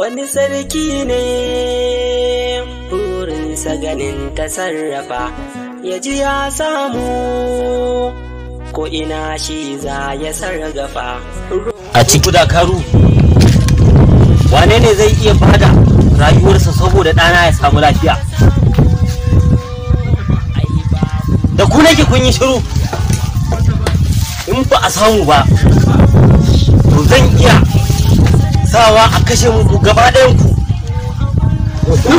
wani sarki ne burinsa ganin ta sarrafa ya ji ya samu ko ina shi za ya sarrafa a ciki wane ne zai iya bada rayuwarsa saboda ɗana ya samu lafiya da ku nake kun yi shiru in ba a samu ba to zan iya sawa a kashe muku gaba ɗayan ku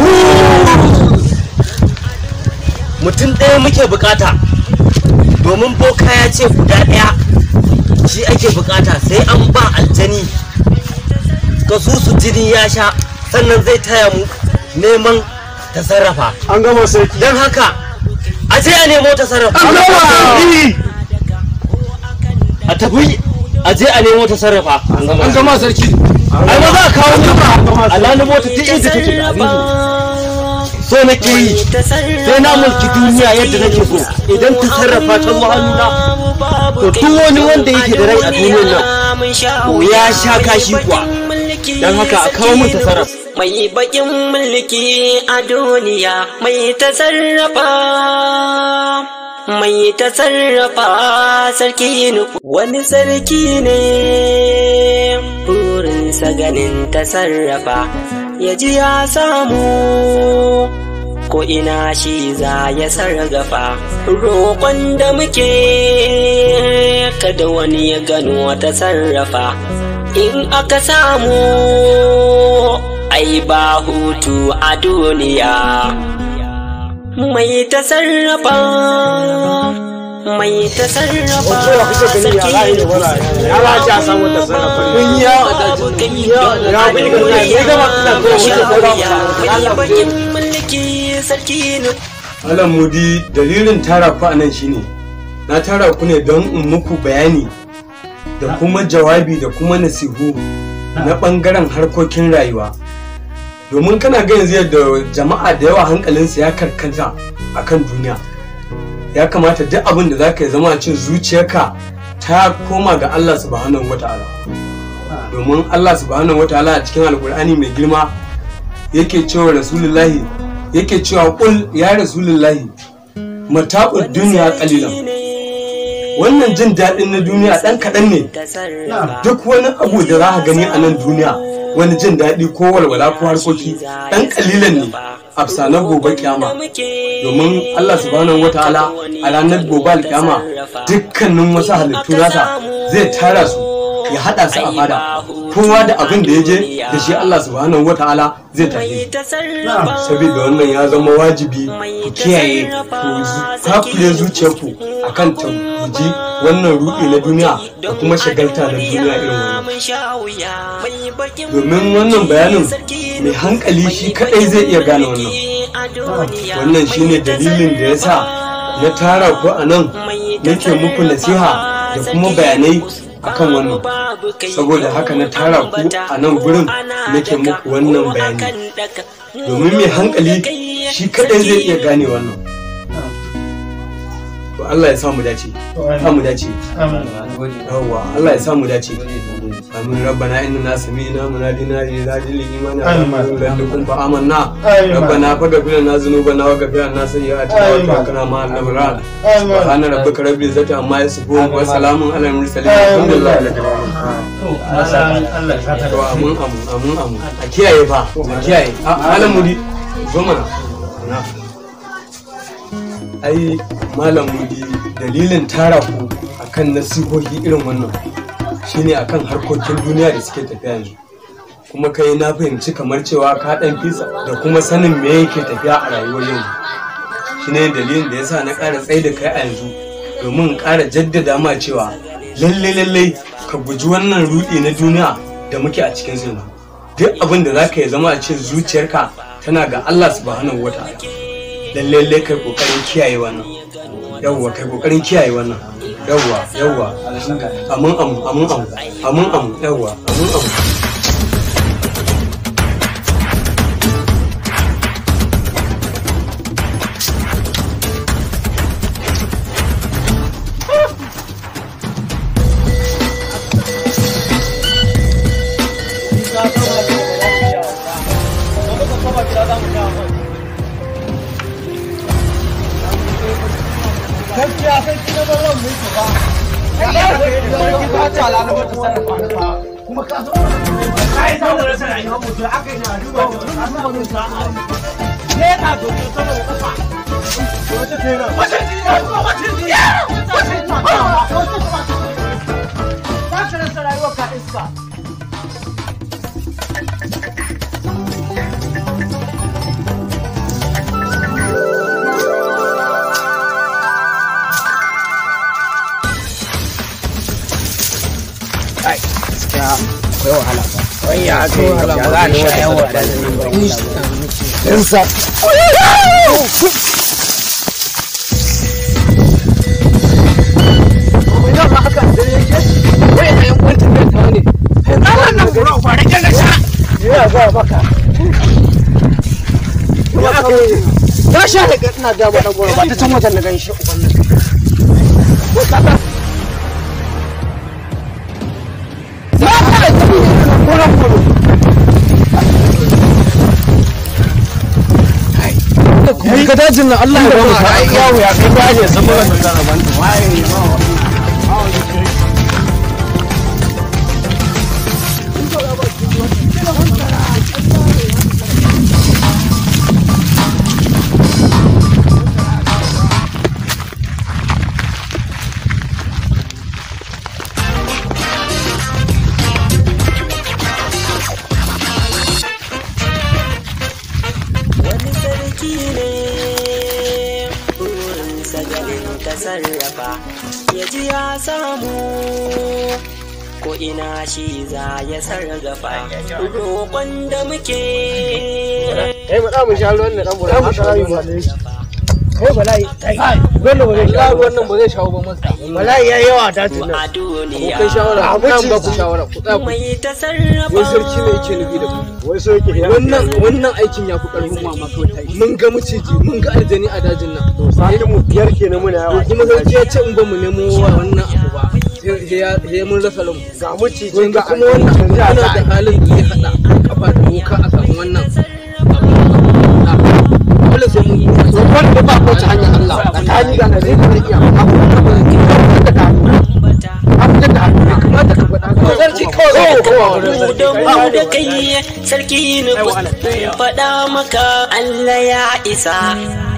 mutum ɗaya muke bukata domin boka ya ce guda ɗaya shi ake bukata sai an ba aljani ka su su jini ya sha sannan zai taya mu neman ta sarrafa an gama sarki don haka a je a nemo ta sarrafa an gama a tafi a je a nemo ta sarrafa an gama sarki ai ba za a kawo nufa alalubo ta ta inda take da abin so nake yi sai na mulki duniya yadda nake so idan ta sarrafa ta zuwa to duk wani wanda yake da rai a duniyar nan to ya sha kashi kuwa don haka a kawo mun tasarar mai bakin mulki a duniya mai tasarrafa mai ta sarrafa sarki wani sarki ne sa ganin ta sarrafa ya ji ya samu ko ina shi za ya sarrafa roƙon da muke kada wani ya gano ta sarrafa in aka samu ai ba hutu a duniya mai ta sarrafa mai tasarrafa sarki da ya ba ta samu tasarrafa kun ya ta ya ta gona ya gama da kowa ya wani bakin mulki sarki ne Alan Mudi dalilin tara ku a nan shine na tara ku ne don in muku bayani da kuma jawabi da kuma nasihu na ɓangaren harkokin rayuwa domin kana ga yanzu yadda jama'a da yawa hankalinsu ya karkata kan duniya ya kamata duk abin da zaka yi zama a cin zuciyarka ta koma ga Allah subhanahu wataala domin Allah subhanahu wataala a cikin alkur'ani mai girma yake cewa rasulullahi yake cewa kul ya rasulullahi mata'ud duniya qalilan wannan jin daɗin na duniya ɗan kaɗan ne duk wani abu da za ka gani a nan duniya wani jin daɗi ko walwala ko harkoki ɗan ƙalilan ne a gobe kyama domin Allah subhanahu ta'ala a ranar gobe kyama dukkanin wasu halittu nasa zai tara su ya haɗa su a fada kowa da abin da ya je da shi Allah subhanahu wata'ala zai tafi saboda wannan ya zama wajibi ku kiyaye ku kule zuciyarku akan ta guji wannan ruɗi na duniya da kuma shagalta na duniya irin wannan domin wannan bayanin mai hankali shi kadai zai iya gane wannan wannan shine dalilin da ya sa na tara ku a nan nake muku nasiha da kuma bayanai akan wannan saboda haka na tara ku a nan gurin nake muku wannan bayani domin mai hankali shi kadai zai iya gane wannan to Allah ya samu dace samu dace yawa Allah ya samu dace amin rabbana inna sami'na munadina lilladil imani rabbikum fa amanna rabbana faghfir lana dhunubana wa ghfir lana sayyi'atina wa taqina ma'al abrar subhana rabbika rabbil izzati amma yasifun wa salamun alal mursalin alhamdulillahi rabbil alamin to amin amin amin amin a kiyaye fa a kiyaye alamudi goma na ai malam mudi dalilin tara ku akan nasihohi irin wannan shine akan harkokin duniya da suke tafiya yanzu kuma kai na fahimci kamar cewa ka dan fisa da kuma sanin me yake tafiya a rayuwar yau shine dalilin da yasa na ƙara tsaye da kai a yanzu domin ƙara jaddada ma cewa lalle lalle ka guji wannan rudi na duniya da muke a cikin yanzu duk abin da zaka ya zama a ce zuciyarka tana ga Allah subhanahu wataala dan lalle kai kokarin kiyaye wannan yawwa kai kokarin kiyaye wannan yawwa yawwa yawwa amun amu sarki na na kafa a kai ya za a yi wata Na sha da wani ta can wajen da gan shi ubannin. ka dajin nan Allah ya ba mu ta yawo ya kai daje saboda sarrafa ya ji ya samu ko ina shi za ya sarrafa roƙon da muke kai bala'i kai wannan ba zai shawo wannan ba zai shawo ba masa bala'i ya yawa ta tunan ko kai shawara a nan ba ku shawara ku tsaya ku wai sarki ne yake nufi da ku wai so yake wannan wannan aikin ya fi karfin mama kawai ta mun ga miciji mun ga aljani a dajin nan to sai mu biyar kenan muna yawa kuma sarki ya ce in ba mu nemo wannan abu ba sai mun rasa lamu ga miciji kuma wannan ana da halin da ya hada kafa da boka a wanda ba ko ta hanyar Allah tsakani da nazari kuma ba ki da ta da ne sarki ko da mu da kai sarki ne maka Allah ya isa